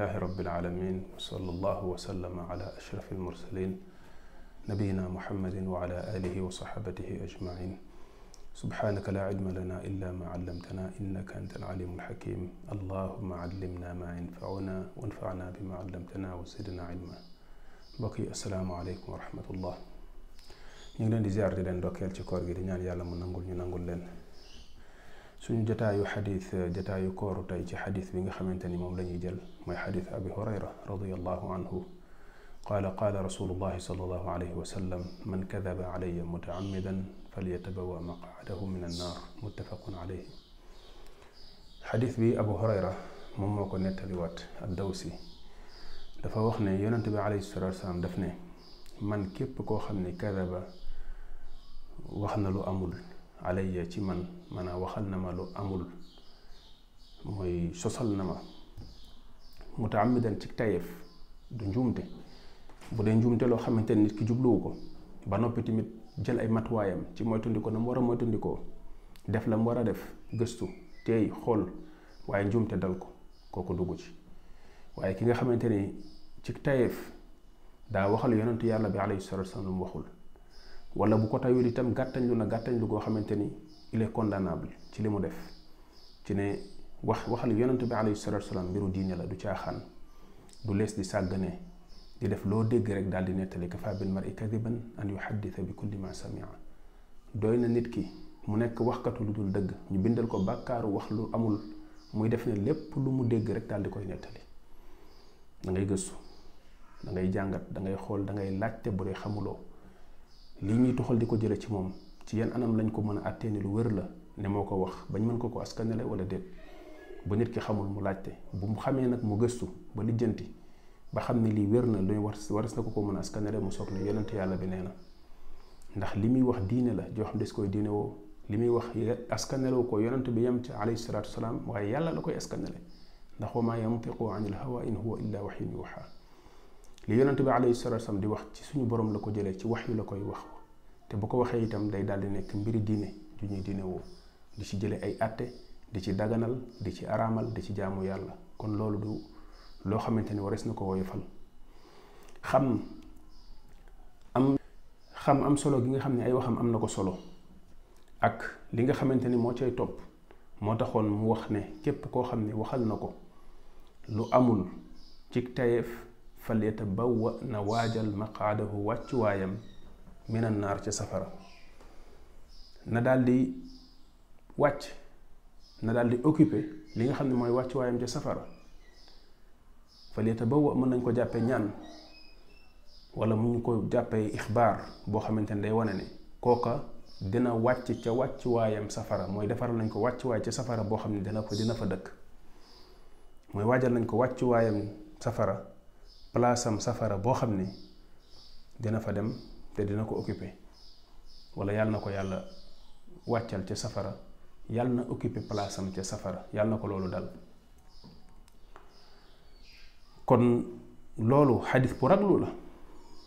لله رب العالمين وصلى الله وسلم على أشرف المرسلين نبينا محمد وعلى آله وصحبه أجمعين سبحانك لا علم لنا إلا ما علمتنا إنك أنت العليم الحكيم اللهم علمنا ما ينفعنا وانفعنا بما علمتنا وزدنا علما بقي السلام عليكم ورحمة الله ñu ngi leen di ziar di leen dokkeel ci koor gi di ñaan yàlla mu nangul ñu nangul leen suñu jotaayu xadis jotaayu kooru tey ci xadis bi nga xamante ni moom la ñuy jël mooy xadis abi hurayra radiallahu anhu qaala qaala rasulullahi salallahu alayhi wa sallam man kadaba alaya mutaamidan falyatabawa maqaadahu min annaar muttafaqun alayhi xadis bi abu hurayra moom moo ko nettaliwaat ad dawsi dafa wax ne yonent bi alayhi salatu wasalaam daf ne man képp koo xam ne kadaba wax na lu amul alayya ci man a waxal na ma lu amul mooy sosal na ma mu tax mutaamidan ci tayeef du njuumte bu dee njuumte loo xamante ne nit ki jubluwu ko ba noppi tamit jël ay matuwaayam ci moytandikoo na mu war a moytandikoo def la mu war a def gëstu tey xool waaye njuumte dal ko kooku dugg ci waaye ki nga xamante ni ci tayeef daa waxal yonentu yàlla bi alayhi salatu wasalam waxul wala bu ko tayul itam lu na gàttañlu goo xamante ni il est condamnable ci li mu def ci ne wax waxal yonente bi alayhi salatu wasalaam mbiru diine la du caaxaan du lees di sàggane di def loo dégg rek daal di nettali kafa bin mari kadiban an yuhadditha bi kulli ma samia doy na nit ki mu nekk waxkatu lu dul dëgg ñu bindal ko bàkkaaru wax lu amul muy def ne lépp lu mu dégg rek daal di koy nettali da ngay gëstu da ngay jàngat da ngay xool da ngay laajte bu dee xamuloo li ñuy tuxal di ko jële ci moom ci yan anam lañ ko mën a àttee ni lu wér la ne moo ko wax bañ mën ko ko askanale wala déet ba nit ki xamul mu laajte bu mu xamee nag mu gëstu ba lijjanti ba xam ne lii wér na luy war waras na ko ko mën a askanale mu soog ne yonent yàlla bi nee na ndax li muy wax diine la joo xam des koy diine woo li muy wax askanalewu ko yonent bi yem ci alayhi salaatu wasalaam waaye yàlla la koy askanale ndax wa maa yantiqu an il hawa in huwa illa waxyun yuuxa li yonent bi alayhi salaatu wasalaam di wax ci suñu borom la ko jëlee ci wax yu la koy wax te bu ko waxee itam day daal di nekk mbiri diine ju ñuy diine woo di ci jëlee ay àtte di ci daganal di ci araamal di ci jaamu yàlla kon loolu du loo xamante ni warees na ko woyofal xam am xam am solo gi nga xam ne ay waxam am na ko solo ak li nga xamante ni moo cay topp moo taxoon mu wax ne képp koo xam ne waxal na ko lu amul ci tayeef falyata ba wa na waajal maqaadahu wàccuwaayam minan naar ca safara na daldi wàcc na daldi occupé li nga xam ne mooy wàcc waayam ci safara faleeta ba mën nañ koo jàppee ñaan walla mu ñu ko jàppee ixbaar boo xamante ne day wane ne kooka dina wàcc ca wàcc waayam safara mooy defaral nañ ko wàcc waay ci safara boo xam ne dina fa dina fa dëkk mooy waajal nañ ko wàcc safara palaasam safara boo xam ne dina fa dem dina ko occuper wala yàlla na ko yàlla wàccal ca safara yàlla na occuper place am ca safara yàlla na ko loolu dal kon loolu xadis bu raglu la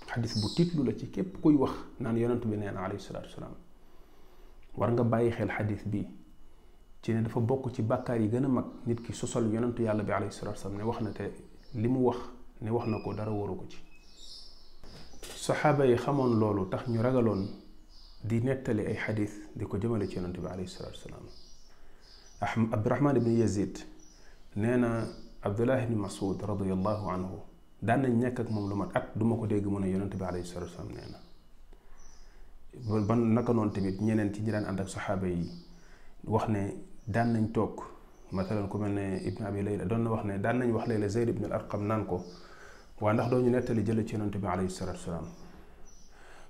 xadis bu tiitlu la ci képp kuy wax naan yonent bi nee na alayhi salaatu wasalaam war nga bàyyi xel xadis bi ci ne dafa bokk ci bàkkaar yi gën a mag nit ki sosol yonentu yàlla bi alayhi salaatu wasalaam ne wax na te li mu wax ne wax na ko dara waru ko ci saxaaba yi xamoon loolu tax ñu ragaloon di nettali ay xadis di ko jëmale ci yonante bi alayhi salatu wasalaam abdurahman ibni yazid nee na abdullah ibni masud radiallahu anhu daan nañ nekk ak moom lu mat at duma ko dégg mu ne yonante bi alayhi salatu wasalaam nee na ban naka noonu tamit ñeneen ci ñi daan ànd ak saxaaba yi wax ne daan nañ toog matalan ku mel ne ibn abi layla doon na wax ne daan nañ wax layla zayd ibn al arqam naan ko waa ndax doo ñu nettali jële ci yonente bi alayhi salatu wasalaam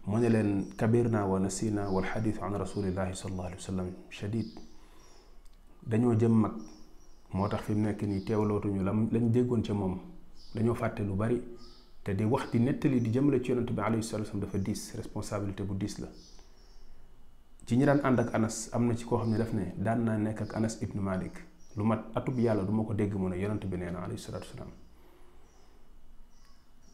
mu ne leen kabirna wa nasina wal xadiithu an rasulillahi sallallahu alayhi wa sallam shadid dañoo jëm mag moo tax fi mu nekk nii teewlootuñu lam lañ déggoon ca moom dañoo fàtte lu bari te di wax di nettali di jëmale ci yonente bi alayhi salatu wasalaam dafa diis responsabilité bu diis la ci ñi daan ànd ak anas am na ci koo xam ne daf ne daan naa nekk ak anas ibnu malik lu mat atub yàlla du ma ko dégg mu ne yonente bi nee na alayhi salatu wasalaam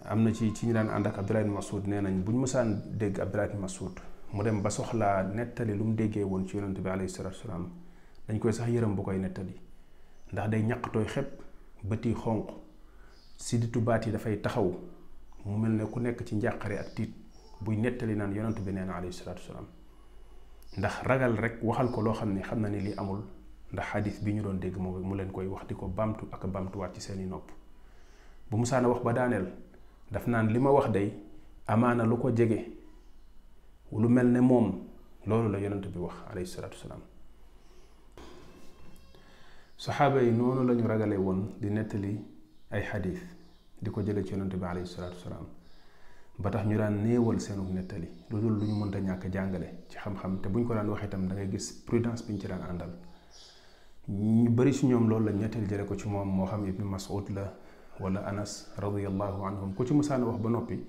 amna ci ci ñu daan ànd ak Abdoulaye Masoud nee nañ bu ñu mësaan dégg Abdoulaye Masoud mu dem ba soxlaa nettali lu mu déggee woon ci yonent bi alayhi salatu wasalaam dañ koy sax yërëm bu koy nettali ndax day ñaqtooy xepp bët yi xonq sidditu baat yi dafay taxaw mu mel ne ku nekk ci njàqare ak tiit buy nettali naan yonent bi nee na alayhi salatu wasalaam ndax ragal rek waxal ko loo xam ne xam na ni li amul ndax xadis bi ñu doon dégg moo mu leen koy wax di ko baamtu ak baamtuwaat ci seeni nopp bu musaana wax ba daaneel daf naan li ma wax day amaana lu ko jege lu mel ne moom loolu la yonent bi wax alayhi salaatu wasalaam saxaaba yi noonu lañu ragale woon di nettali ay xadiis di ko jële ci yonent bi alayhi salaatu wasalaam ba tax ñu daan néewal seenu nettali lu dul lu ñu mënta ñàkk jàngale ci xam-xam te bu ñu ko daan wax itam da ngay gis prudence bi ñu ci daan àndal ñu bari ci ñoom loolu la nettali jële ko ci moom moo xam Ibnu Mas'ud la wala anas radiallahu anhum ku ci musaana wax ba noppi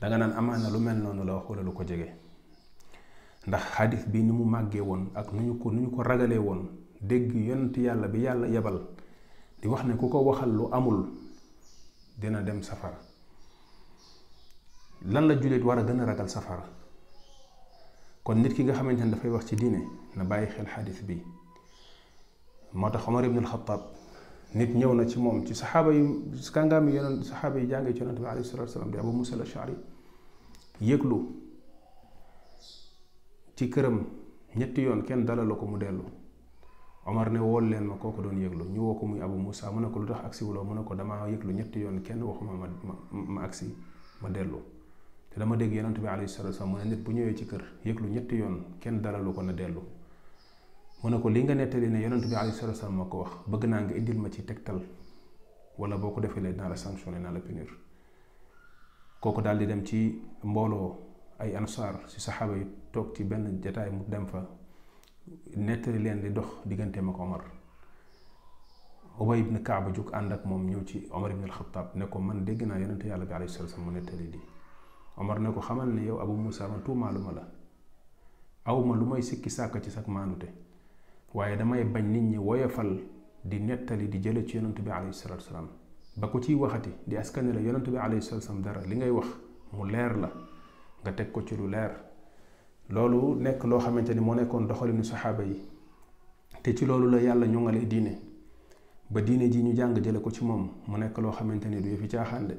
da nga naan amaana lu mel noonu la wax wala lu ko jege ndax xadis bi ni mu màggee woon ak nu ñu ko nu ñu ko ragalee woon dégg yonent yàlla bi yàlla yebal di wax ne ku ko waxal lu amul dina dem safara lan la jullit war a gën a ragal safara kon nit ki nga xamante ne dafay wax ci diine na bàyyi xel xadis bi moo tax Omar ibn al-Khattab nit ñëw na ci moom ci saxaaba yu kàngaam yi yonent saxaaba yi jàngee ci yonent bi alayhi salaatu salaam di abu musa la ashari yëglu ci këram ñetti yoon kenn dalal ko mu dellu Omar ne wool leen ma kooku doon yëglu ñëwoo ko muy abu musa mu ne ko lu tax agsi wuloo mu ne ko damaa yëglu ñetti yoon kenn waxuma ma ma agsi ma dellu te dama dégg yonent bi alayhi salaatu salaam mu ne nit bu ñëwee ci kër yëglu ñetti yoon kenn dalalu ko na dellu mu ne ko li nga nettali ne yonent bi alayhi salaatu wasalaam moo ko wax bëgg naa nga ma ci tegtal wala boo ko defee la dinaa la sanctionné naa la daal di dem ci mbooloo ay ansaar si saxaaba toog ci benn jataay mu dem fa nettali leen di dox diggante ma ko Omar Ubay ibn ànd ak moom ñëw ci Omar ibn ne ko man dégg naa yonent yàlla bi alayhi salaatu wasalaam mu nettali lii Omar ne ko xamal ne yow Abu Muusa man tuumaaluma la awma lu may sikki sàkk ci sag maanute waaye damay bañ nit ñi woyofal di nettali di jële ci yonantu bi alayhi salatu wasalaam ba ko ciy waxati di askane la yonantu bi alayhi salatu wasalaam dara li ngay wax mu leer la nga teg ko ci lu leer loolu nekk loo xamante ni moo nekkoon doxalinu saxaaba yi te ci loolu la yàlla dini. diine ba diine ji ñu jàng jële ko ci moom mu nekk loo xamante ni du yëfi caaxaan de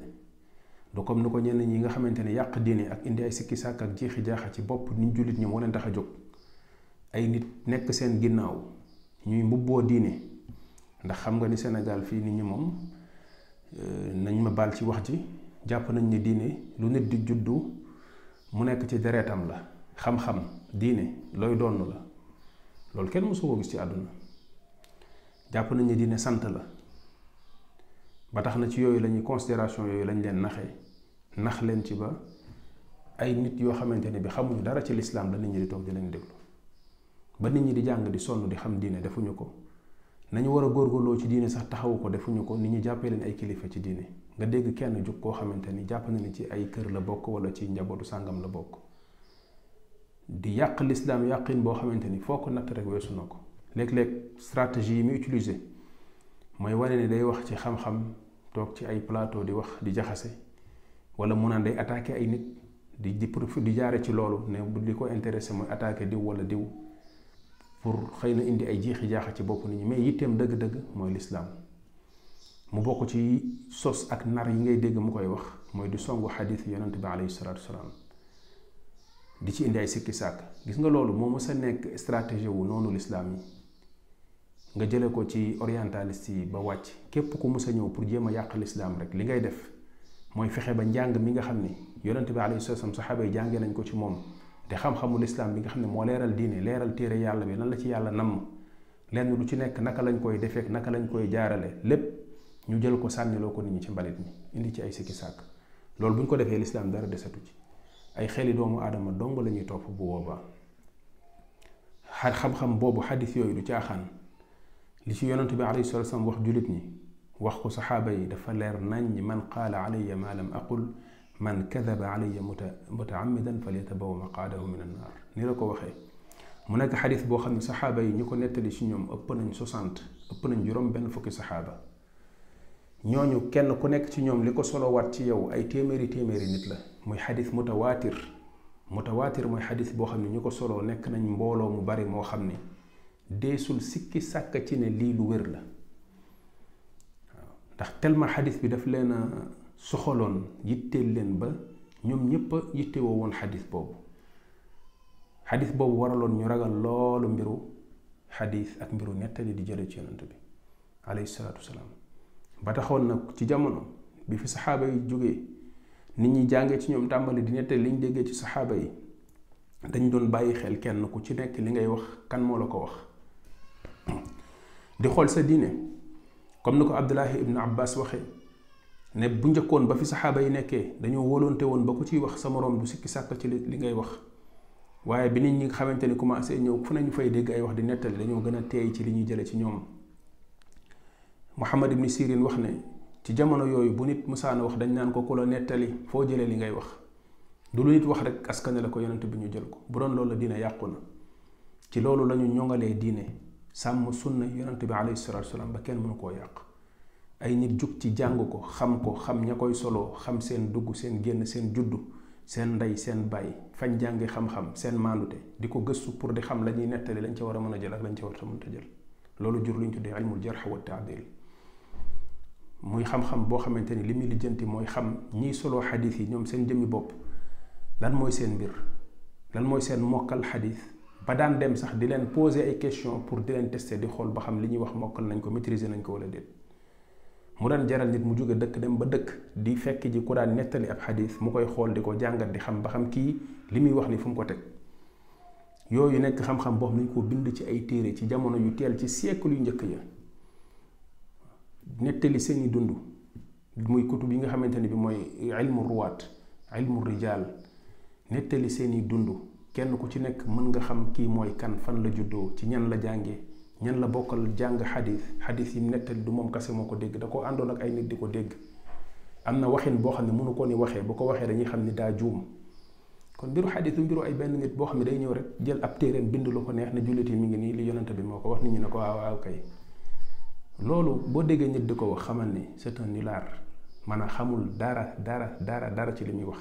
du comme ni ko ñi nga xamante ni diine ak indi ay sikki sàkk ak jeexi jaaxa ci bopp nit ñi leen tax ay nit nekk seen ginnaaw ñuy mbubboo diine ndax xam nga ni senegal fii ni ñi moom euh, nañ ma baal ci wax ji jàpp nañ ne diine lu nit di juddu mu nekk ci dereetam la xam-xam diine looy donn la loolu kenn mësu gis ci àdduna jàpp nañ ne diine sant la ba tax na ci yooyu lañuy considération yooyu lañ leen naxee nax leen ci ba ay nit yoo xamante ne bi xamuñu dara ci lislaam la nit ñi di toog di leen déglu ba nit ñi di jàng di sonn di xam diine defuñu ko nañu war a góorgóorloo ci diine sax taxawu ko defuñu ko nit ñi jàppee leen ay kilifa ci diine nga dégg kenn jug koo xamante ni jàpp na ni ci ay kër la bokk wala ci njabootu sàngam la bokk di yàq lislaam yàqin boo xamante ni foo ko natt rek weesu na ko léeg-léeg stratégie yi mu utiliser mooy wane ne day wax ci xam-xam toog ci ay plateau di wax di jaxase wala mun naan day attaquer ay nit di di di jaare ci loolu ne li ko intéressé mooy attaquer diw wala diw pour xëy na indi ay jeexi jaaxa ci bopp nañu may mais yitteem dëgg-dëgg mooy lislaam mu bokk ci sos ak nar yi ngay dégg mu koy wax mooy di songu xadiis yonent bi alayhi salaatu wasalaam di ci indi ay sikki sàkk gis nga loolu moo mës a nekk stratégie wu noonu lislaam yi nga jële ko ci orientaliste yi ba wàcc képp ku mës a ñëw pour jéem a yàq lislaam rek li ngay def mooy fexe ba njàng mi nga xam ni yonent bi alayhi salaatu wasalaam saxaaba jàngee nañ ko ci moom te xam-xamu lislaam bi nga xam ne moo leeral diine leeral téere yàlla bi lan la ci yàlla namm lenn lu ci nekk naka lañ koy defeek naka lañ koy jaarale lépp ñu jël ko sànniloo ko nit ñi ci mbalit ni indi ci ay sikki sàkk loolu bu ñu ko defee lislaam dara desatu ci ay xeli doomu aadama dong la ñuy topp bu boobaa xar xam-xam boobu xadis yooyu du caaxaan li ci yonent bi alayhi salatu wasalam wax julit ñi wax ko saxaaba yi dafa leer nañ ñi man qaala alayya ma lam aqul man kadaba alayya mutaammidan falyatabawa maqaadahu min annaar ni la ko waxee mu nekk xadis boo xam ne saxaaba yi ñu ko 60 ëpp nañ juróom benn fukki saxaaba ñooñu kenn ku nekk ci ñoom li ko solowaat ci yow ay téeméeri téeméeri nit la muy xadis mutawaatir mutawaatir mooy xadis boo xam ne ñu ko soloo nekk nañ mbooloo mu bari moo xam ne deesul sikki sàkk ci ne lii lu wér la ndax tellement xadis bi daf leen a soxaloon yitteel leen ba ñoom ñépp a yittewoo woon xadis boobu xadis boobu waraloon ñu ragal loolu mbiru xadis ak mbiru nettali di jële ci yonent bi alayhi salaatu wasalaam ba taxoon nag ci jamono bi fi saxaaba yi jógee nit ñi jàngee ci ñoom tàmbali di nettali liñ déggee ci saxaaba yi dañ doon bàyyi xel kenn ku ci nekk li ngay wax kan moo la ko wax di xool sa diine comme ni ko Abdullahi ibn Abbas waxee ne bu njëkkoon ba fi saxaaba yi nekkee dañoo wóolonte woon ba ku ciy wax sa moroom du sikki sàkk ci li ngay wax waaye bi nit ñi nga xamante ni commencé ñëw fu nañu fay dégg ay wax di nettali dañoo gën a teey ci li ñuy jële ci ñoom Muhammad ibn Sirin wax ne ci jamono yooyu bu nit musaana wax dañ naan ko ku la nettali foo jëlee li ngay wax du lu nit wax rek askane la ko yonent bi ñu jël ko bu doon loolu la diine yàqu na ci loolu lañu ñoŋalee diine sàmm sunna yonent bi alayhi salaatu wa salaam ba kenn mënu koo yàq ay nit jug ci jàng ko xam ko xam ña koy soloo xam seen dugg seen génn seen juddu seen ndey seen bàyyi fañ jàngi xam-xam seen maandute di ko gëstu pour di xam la ñuy nettali lañ ca war a mën a jël ak lañ ca war jël loolu jur luñ tuddee ilmul jarx wa taadil muy xam boo xamante ni li muy lijjanti mooy xam ñiy soloo xadis yi ñoom seen jëmmi bopp lan mooy seen mbir lan mooy seen mokkal xadis ba daan dem sax di leen poser ay question pour di di xool ba xam li ñuy wax mokkal nañ ko maîtriser nañ ko wala déet mu daan jaral nit mu jóge dëkk dem ba dëkk di fekk ji ku daan nettali ab xadis mu koy xool di ko jàngat di xam ba xam kii li muy wax ni fu mu ko teg yooyu nekk xam-xam boo xam nañ ko bind ci ay téere ci jamono yu teel ci siècle yu njëkk ya nettali seeni dundu muy kutub yi nga xamante ne bi mooy ilmu ruwaat ilmu rijaal nettali seeni dundu kenn ku ci nekk mën nga xam kii mooy kan fan la juddoo ci ñan la jànge ñan la bokkal jàng xadis xadis yi nettali du moom kase moo ko dégg da ko àndoon ak ay nit di ko dégg am na waxin boo xam ne mënu ko ni waxee bu ko waxee dañuy xam ni daa juum kon mbiru xadis du mbiru ay benn nit boo xam ne day ñëw rek jël ab téereem bind lu ko neex ne jullit yi mi ngi nii li yonante bi moo ko wax nit ñi ne ko waaw waaw kay loolu boo déggee nit di ko wax xamal ni c'est un nulaar mana xamul dara dara dara dara ci li muy wax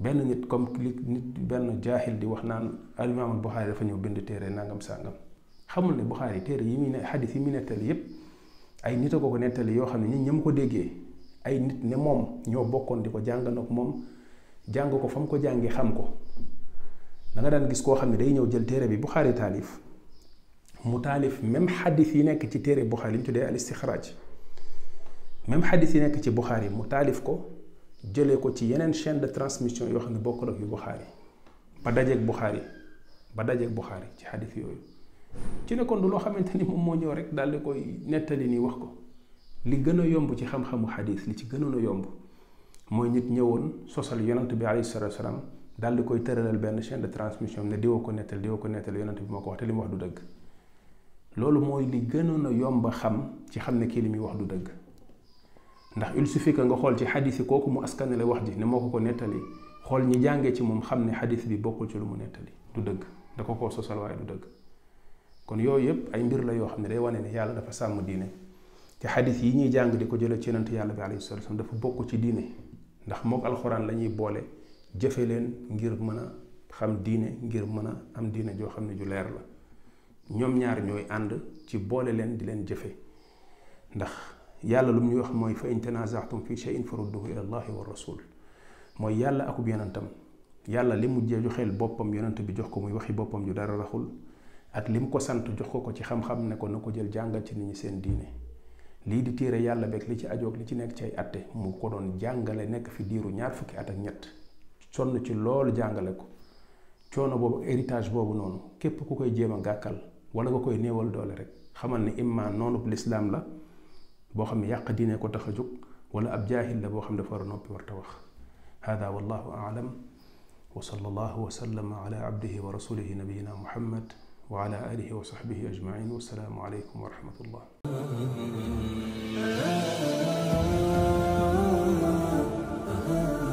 benn nit comme nit benn jaaxil di wax naan alimaamul Buxaari dafa ñëw bind téere nangam sàngam xamul ne Buxaari téere yi muy ne xadis yi muy nettali yépp ay nit a ko ko nettali yoo xam ne ñi ñam ko déggee ay nit ne moom ñoo bokkoon di ko jàngal ak moom jàng ko fa mu ko jàngee xam ko da nga daan gis koo xam ne day ñëw jël téere bi Buxaari taalif mu taalif même xadis yi nekk ci téere Buxaari li ñu tuddee al istixraaj même xadis yi nekk ci Buxaari mu taalif ko jëlee ko ci yeneen chaîne de transmission yoo xam ne bokkul ak yu Buxaari ba dajeeg Buxaari ba dajeeg Buxaari ci xadis yooyu. ci ne kon du loo xamante ni moom moo ñëw rek daal di koy nettali ni wax ko li gën a yomb ci xam-xamu xadis li ci gënoon a yomb mooy nit ñëwoon sosal yonant bi alayhi salatu wasalaam daal di koy tëralal benn chaîne de transmission ne diwa ko nettali diwa ko nettal yonant bi moo ko wax te li mu wax du dëgg loolu mooy li gënoon a yomb xam ci xam ne kii li muy wax du dëgg ndax il suffit que nga xool ci xadis yi kooku mu askanale wax ji ne moo ko ko nettali xool ñi ci moom xam ne xadis bi bokkul ci lu mu nettali du dëgg da ko koo sosal waaye du dëgg kon yooyu yëpp ay mbir la yoo xam ne day wane ne yàlla dafa sàmm diine ci xadis yi ñuy jàng di ko jële ci yonent yàlla bi alayhi salatu wasallam dafa bokk ci diine ndax mook alxuraan la ñuy boole jëfe leen ngir mën a xam diine ngir mën a am diine joo xam ne ju leer la ñoom ñaar ñooy ànd ci boole leen di leen jëfe ndax yàlla lu mu ñuy wax mooy fa in tanazatum fi shay'in farudduhu ila allahi wa rasul mooy yàlla akub yonentam yàlla li mu joxeel boppam yonent bi jox ko muy waxi boppam ju dara raxul ak lim ko sant jox ko ko ci xam-xam ne ko na ko jël jàngal ci nit ñi seen diine lii di téere yàlla beeg li ci ajoog li ci nekk ay atte mu ko doon jàngale nekk fi diiru ñaar fukki at ak ñett sonn ci loolu jàngale ko coono boobu héritage boobu noonu képp ku koy jéem a gàkkal wala nga koy néewal doole rek xamal ne imma noonub lislaam la boo xam ne yàq diine ko tax a jóg wala ab jaahil la boo xam ne dafa war a noppi war ta wax hada wallahu aalam wa sallallahu wa sallama ala abdihi wa rasulihi nabiyina muhammad وعلى آله وصحبه أجمعين والسلام عليكم ورحمة الله